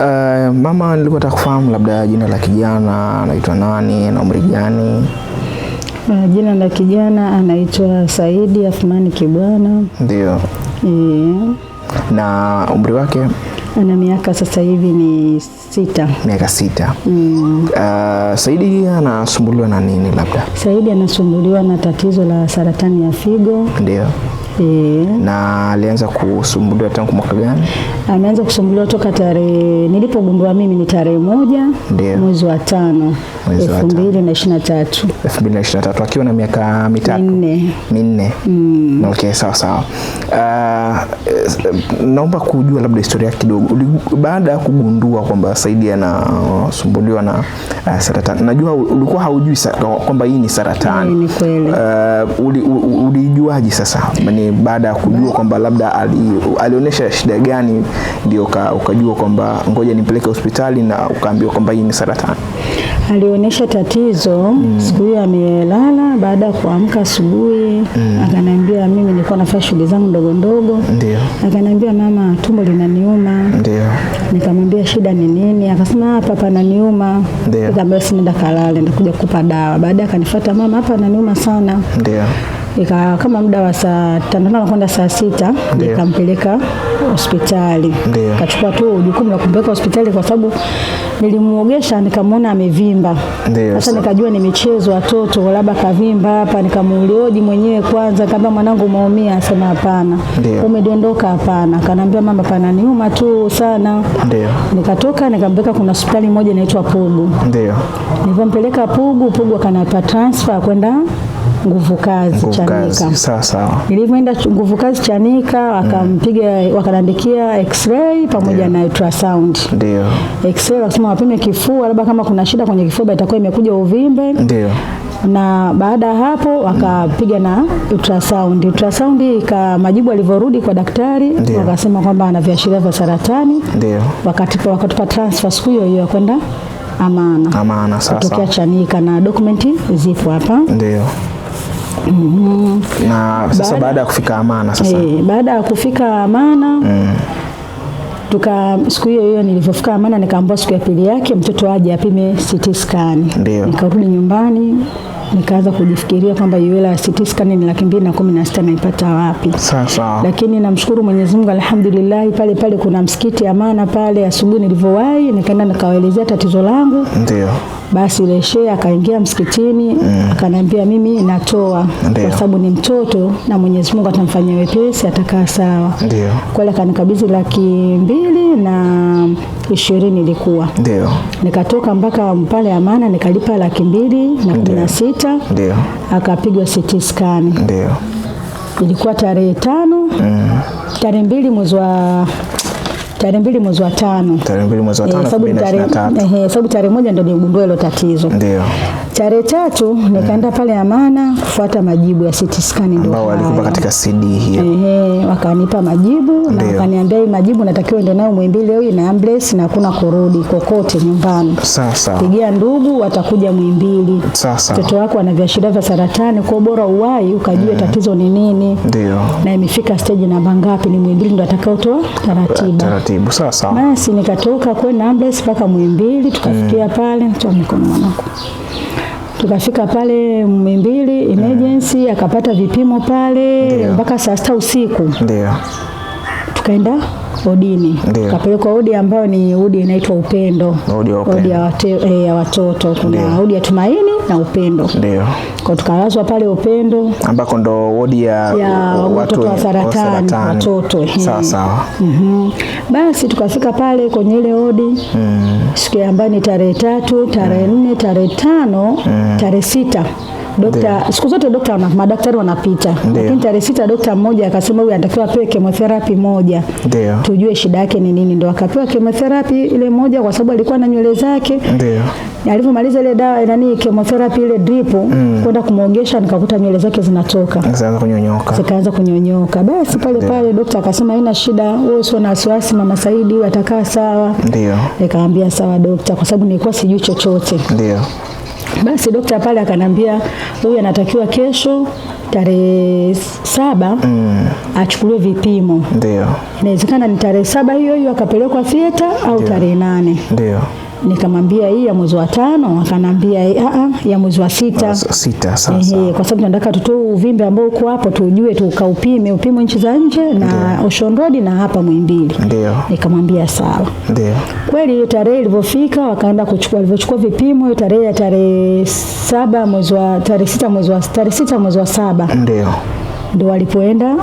Eh, mama, nilikuwa nataka kufahamu labda jina la kijana anaitwa nani na umri gani? Uh, jina la kijana anaitwa Saidi Athmani Kibwana. Ndio. Yeah. Na umri wake ana miaka sasa hivi ni sita. Miaka sita. Mm. Uh, Saidi anasumbuliwa na nini labda? Saidi anasumbuliwa na tatizo la saratani ya figo. Ndio na alianza kusumbuliwa tangu mwaka gani? Ameanza kusumbuliwa toka tarehe nilipogundua mimi ni tarehe moja mwezi wa tano elfu mbili na ishirini na tatu elfu mbili na ishirini na tatu akiwa na miaka mitatu minne minne. Mm. Okay, sawa sawa. Uh, naomba kujua labda historia kidogo, baada ya kugundua kwamba Saidi anasumbuliwa na uh, saratani. Najua ulikuwa haujui kwamba hii ni saratani uh, ulijuaje sasa? Yaani baada ya kujua kwamba labda ali, alionyesha shida gani ndio ukajua kwamba ngoja nimpeleke hospitali na ukaambiwa kwamba hii ni saratani? Alionyesha tatizo mm. Siku hiyo amelala, baada ya kuamka asubuhi mm. Akaniambia mimi nilikuwa nafanya shughuli zangu ndogo ndogo, ndio Akaniambia mama, tumbo linaniuma. Ndio. Nikamwambia shida ni nini? Akasema hapa pananiuma. Nikamwambia si kalale, nitakuja kukupa dawa. Baadaye akanifuata mama, hapa ananiuma sana. Ndio ika kama muda wa saa tano na kwenda saa sita nikampeleka hospitali, kachukua tu jukumu la kumpeleka hospitali kwa sababu nilimuogesha nikamwona amevimba. Sasa nikajua ni michezo watoto, labda kavimba hapa. Nikamuulioji mwenyewe kwanza, nikamwambia mwanangu, umeumia? Asema hapana. Umedondoka? Hapana. Kanaambia mama, pana niuma tu sana. Ndio nikatoka nikampeleka, kuna hospitali moja inaitwa Pugu. Ndio nilivyompeleka Pugu, Pugu akanapa transfer kwenda nguvu kazi Chanika. Sawa sawa. Nilivyoenda nguvu kazi Chanika wakampiga mm. wakanandikia x-ray pamoja na ultrasound. Ndio. X-ray wakasema wapime kifua, labda kama kuna shida kwenye kifua itakuwa imekuja uvimbe. Ndio na baada ya hapo wakapiga na ultrasound. Ultrasound ika majibu alivyorudi kwa daktari wakasema kwamba ana viashiria vya saratani, wakatupa wakatupa transfer siku hiyo hiyo kwenda Amana, Amana kutokea Chanika na dokumenti zipo hapa. Ndio. Mm-hmm. na sasa baada ya kufika Amana sasa Eh, baada ya kufika Amana mm. Tuka siku hiyo hiyo nilivyofika Amana nikaambiwa siku ya pili yake mtoto aje apime CT scan, ndio nikarudi nyumbani nikaanza kujifikiria kwamba hiyo ya CT scan ni laki mbili na kumi na sita naipata wapi? Sasa lakini namshukuru Mwenyezi Mungu, alhamdulillah. Pale pale kuna msikiti Amana pale, asubuhi nilivyowahi nikaenda nikawaelezea tatizo langu, ndio basi yule shehe akaingia msikitini mm. Akaniambia mimi natoa kwa sababu ni mtoto na Mwenyezi Mungu atamfanyia wepesi, atakaa sawa. Ndio kweli akanikabidhi laki mbili na ishirini ilikuwa ndio, nikatoka mpaka pale Amana nikalipa laki mbili na kumi na sita sita akapigwa CT scan ilikuwa tarehe tano mm. tarehe mbili mwezi wa tarehe mbili mwezi wa tano, tarehe mbili mwezi wa tano, eh, eh, sababu tarehe moja ndio nigundua hilo tatizo. Ndio tarehe tatu nikaenda pale Amana kufuata majibu ya CT scan, ndio ambao walikupa katika CD hiyo. Ehe, wakanipa majibu na wakaniambia hii majibu natakiwa ndio nayo Muhimbili leo na ambulance na hakuna kurudi kokote nyumbani. Sasa pigia ndugu watakuja Muhimbili. Sasa mtoto wako ana viashiria vya saratani, kwa bora uwai ukajue mm. tatizo ni nini. Ndio na imefika stage namba ngapi, ni Muhimbili ndo atakaotoa taratibu taratibu. Sawa sawa. Basi nikatoka kwenda ambulance mpaka Muhimbili tukafikia eh. pale toa mikono mwanangu. Tukafika pale Muhimbili eh. emergency yeah. akapata vipimo pale mpaka saa sita usiku. Ndio. Tukaenda odini kapelekwa odi ambayo ni udi inaitwa upendo, udi eh, ya watoto. Kuna odi ya tumaini na upendo, kwa tukalazwa pale upendo, ambako ndo udi ya watoto wa saratani, watoto eh. sawa sawa. Mhm. Basi tukafika pale kwenye ile odi mm. siku ambayo ni tarehe tatu, tarehe mm. nne, tarehe tano, mm. tarehe sita dokta, siku zote dokta, madaktari wanapita, lakini tarehe sita dokta mmoja akasema huyu anatakiwa apewe chemotherapy moja, tujue shida yake ni nini. Ndo akapewa chemotherapy ile moja, kwa sababu alikuwa na nywele zake. Alivyomaliza ile dawa nani, chemotherapy ile drip mm. kwenda kumwogesha, nikakuta nywele zake zinatoka zikaanza kunyonyoka, zikaanza kunyonyoka. Basi pale pale dokta akasema haina shida, wewe usio na wasiwasi, mama Saidi atakaa sawa. Ndio nikamwambia sawa dokta, kwa sababu nilikuwa sijui chochote. Ndio. Basi dokta pale akanambia huyu anatakiwa kesho tarehe saba mm. achukuliwe vipimo. Ndio. Inawezekana ni tarehe saba hiyo hiyo akapelekwa theater au tarehe nane. Ndio nikamwambia hii ya mwezi wa tano, akanambia eh, a ah, ah, ya mwezi wa sita. Ah, sita sasa. Ehe, kwa sababu tunataka tutoe uvimbe ambao uko hapo tujue tukaupime, upimwe nchi za nje na Ocean Road na hapa Muhimbili. Ndio. Nikamwambia sawa. Ndio. Kweli hiyo tarehe ilivyofika wakaenda kuchukua walivyochukua vipimo hiyo tarehe ya tarehe saba mwezi wa tarehe sita mwezi wa tarehe sita mwezi wa saba. Ndio ndo walipoenda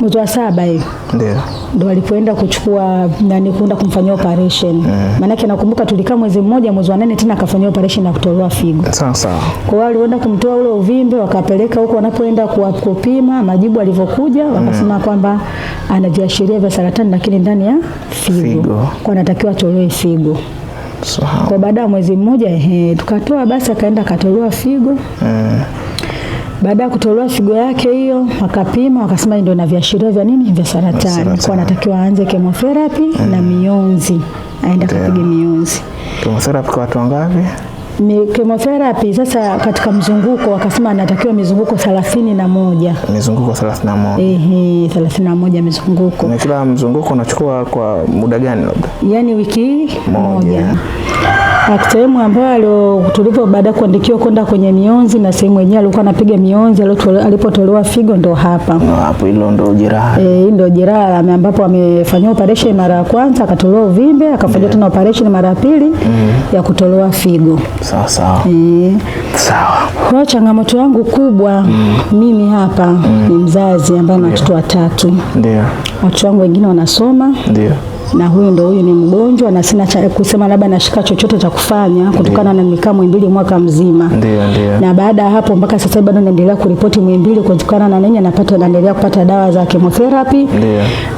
mwezi wa saba hiyo ndio ndo walipoenda kuchukua nani kuenda kumfanyia operation yeah. Maanake nakumbuka tulikaa mwezi mmoja, mwezi wa nane tena akafanyia operation ya kutolewa figo. Sawa sawa. Kwa hiyo walienda kumtoa ule uvimbe, wakapeleka huko wanapoenda kuwapima, majibu alivyokuja mm. wakasema mm. kwamba ana viashiria vya saratani lakini ndani ya figo, figo. Kwa anatakiwa atolewe figo so, kwa baada ya mwezi mmoja ehe, tukatoa basi, akaenda akatolewa figo yeah. Baada ya kutolewa figo yake hiyo, wakapima wakasema ndio na viashiria vya nini vya saratani, kwa anatakiwa aanze chemotherapy mm. na mionzi, aenda kupiga mionzi. Chemotherapy kwa watu wangapi? Chemotherapy sasa katika mzunguko akasema anatakiwa mizunguko thelathini na moja mizunguko thelathini na moja thelathini na moja mizunguko. ni kila mzunguko unachukua kwa muda gani? Labda yaani wiki moja. Sehemu ambayo tulipo baada ya kuandikiwa kwenda kwenye mionzi, na sehemu yenyewe alikuwa anapiga mionzi alipotolewa figo, ndo hapa no, hapo hilo ndo jeraha eh, ndo jeraha ambapo amefanyiwa operation mara ya kwanza, akatolewa uvimbe, akafanyiwa tena operation mara ya pili mm. ya kutolewa figo sawa sawa. E, sawa. Kwa changamoto yangu kubwa mm. mimi hapa mm. ni mzazi ambaye na watoto watatu, ndio watoto wangu wengine wanasoma ndio na huyu ndo huyu ni mgonjwa na sina cha kusema labda nashika chochote cha kufanya kutokana na nikaa Muhimbili mwaka mzima. Ndiyo, ndiyo. Na baada ya hapo mpaka sasa bado naendelea kuripoti Muhimbili kutokana na nini, napata naendelea kupata dawa za chemotherapy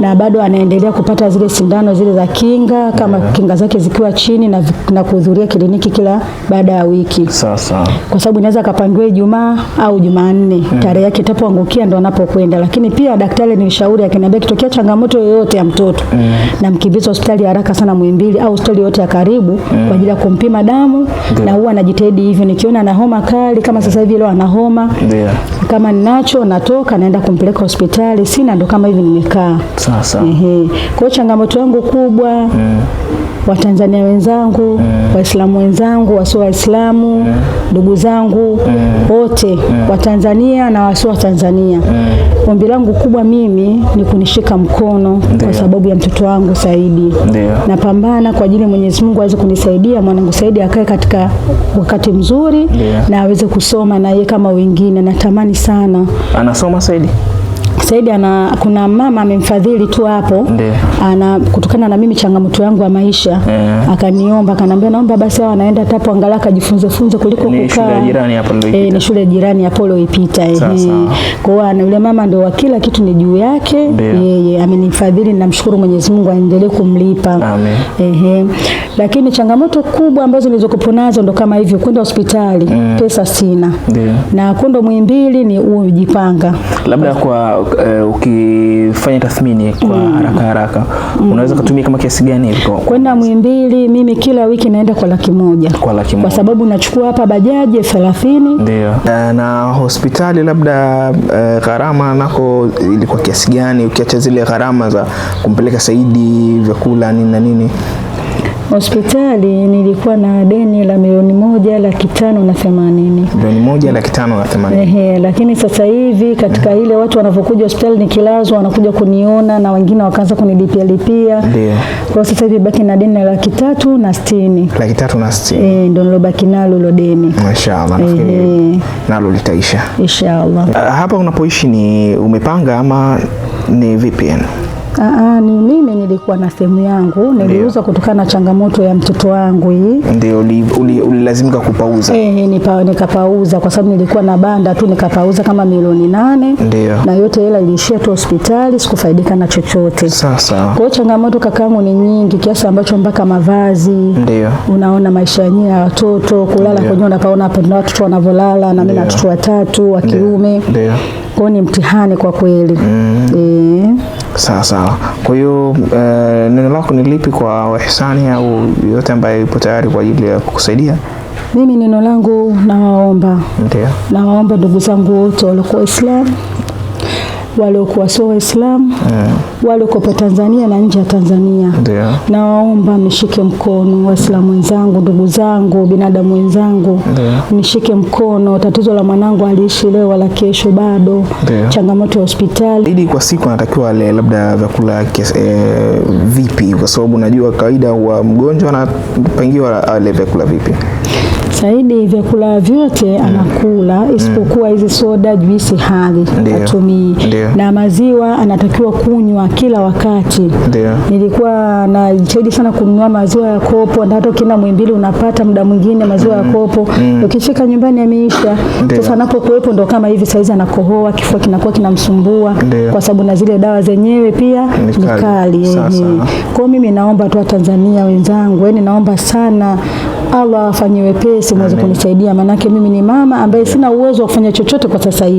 na bado anaendelea kupata zile sindano zile za kinga kama ndiyo, kinga zake zikiwa chini na, na kuhudhuria kliniki kila baada ya wiki sasa, kwa sababu inaweza akapangiwa Ijumaa au Jumanne tarehe yake itapoangukia ndo anapokwenda, lakini pia daktari nilishauri akiniambia kitokea changamoto yoyote ya mtoto mm, na anakimbizwa hospitali haraka sana Muhimbili au hospitali yote ya karibu yeah. kwa ajili ya kumpima damu yeah. na huwa anajitahidi hivyo, nikiona ana homa kali kama sasa hivi leo ana homa yeah. kama ninacho natoka naenda kumpeleka hospitali, sina ndo kama hivi nimekaa sasa. Ehe, kwa changamoto yangu kubwa yeah. Watanzania wenzangu yeah. Waislamu wenzangu, wasio Waislamu eh. ndugu yeah. zangu eh. wote yeah. yeah. Watanzania na wasio Watanzania yeah. Ombi langu kubwa mimi ni kunishika mkono Deo. kwa sababu ya mtoto wangu Saidi. Napambana kwa ajili ya Mwenyezi Mungu aweze kunisaidia mwanangu Saidi akae katika wakati mzuri Deo. na aweze kusoma na yeye kama wengine. Natamani sana. Anasoma Saidi? Saidi ana kuna mama amemfadhili tu hapo ana kutokana na mimi changamoto yangu ya maisha yeah. Akaniomba akaniambia, naomba basi hao anaenda tapo angalau akajifunze funze kuliko kukaa ni shule jirani hapo ndio eh, ni shule jirani hapo ndio ipita eh. Kwa hiyo ana yule mama ndio kila kitu ni juu yake yeye, amenifadhili namshukuru Mwenyezi Mungu aendelee kumlipa Amen. ehe. Lakini changamoto kubwa ambazo nilizokupo nazo ndo kama hivyo, kwenda hospitali mm. pesa sina Deo. na kwenda Muhimbili ni ujipanga labda kwa uh, ukifanya tathmini kwa mm. haraka haraka mm. unaweza kutumia kama kiasi gani hivi kwenda Muhimbili? Mimi kila wiki naenda kwa laki moja kwa laki moja kwa sababu nachukua hapa bajaji elfu thelathini ndio. Uh, na hospitali labda uh, gharama nako ilikuwa kiasi gani, ukiacha zile gharama za kumpeleka Saidi, vyakula nini na nini? hospitali nilikuwa na deni la milioni moja laki tano na themanini. Milioni moja laki tano na themanini. Ehe, lakini sasa hivi katika ehe, mm-hmm. ile watu wanavyokuja hospitali nikilazwa wanakuja kuniona na wengine wakaanza kunilipia lipia. Kwa hiyo sasa hivi baki na deni la laki tatu na sitini. Laki tatu na sitini. Eh, ndio nilobaki nalo lo deni. Mashaallah. Ehe. Nalo litaisha. Inshallah. Ah, hapa unapoishi ni umepanga ama ni vipi yani? Aa, ah, ah, ni mimi nilikuwa na sehemu yangu niliuza kutokana na changamoto ya mtoto wangu hii. Ndio ulilazimika uli, uli kupauza? Eh, nipa, nikapauza kwa sababu nilikuwa na banda tu nikapauza kama milioni nane. Ndio. na yote hela iliishia tu hospitali sikufaidika na chochote. Sasa. Kwa hiyo changamoto kakaangu ni nyingi kiasi ambacho mpaka mavazi. Ndio. unaona maisha yenyewe ya watoto kulala kwenyewe unapaona hapo na watoto wanavyolala na mimi na watoto watatu wa kiume. Ndio. Kwa ni mtihani kwa kweli mm. E. Sawa sawa. Kwa hiyo uh, neno lako ni lipi kwa wahisani au yote ambaye ipo tayari kwa ajili ya kukusaidia? Mimi neno langu nawaomba, ndio nawaomba ndugu zangu wote waliokuwa Waislamu waliokuwa sio Waislamu yeah. walioko Tanzania na nje ya Tanzania yeah. Nawaomba nishike mkono Waislamu wenzangu, ndugu zangu, binadamu wenzangu yeah. nishike mkono. Tatizo la mwanangu aliishi leo wala kesho bado yeah. changamoto ya hospitali. Idi kwa siku anatakiwa ale labda vyakula eh, vipi? Kwa sababu najua kawaida wa mgonjwa anapangiwa ale vyakula vipi? shahidi vyakula vyote mm. anakula mm. isipokuwa hizi mm. soda, juisi hali atumii na maziwa anatakiwa kunywa kila wakati. Ndiyo. nilikuwa najitahidi sana kununua maziwa ya kopo, na hata ukienda Muhimbili unapata muda mwingine maziwa mm. ya kopo mm. ukifika nyumbani ameisha. Sasa anapokuwepo ndo kama hivi saizi anakohoa, kifua kinakuwa kinamsumbua kwa sababu na zile dawa zenyewe pia ni kali. Kwa mimi naomba tu Watanzania wenzangu, yani naomba sana Allah afanye wepesi, mweze kunisaidia, maanake mimi ni mama ambaye sina uwezo wa kufanya chochote kwa sasa hivi.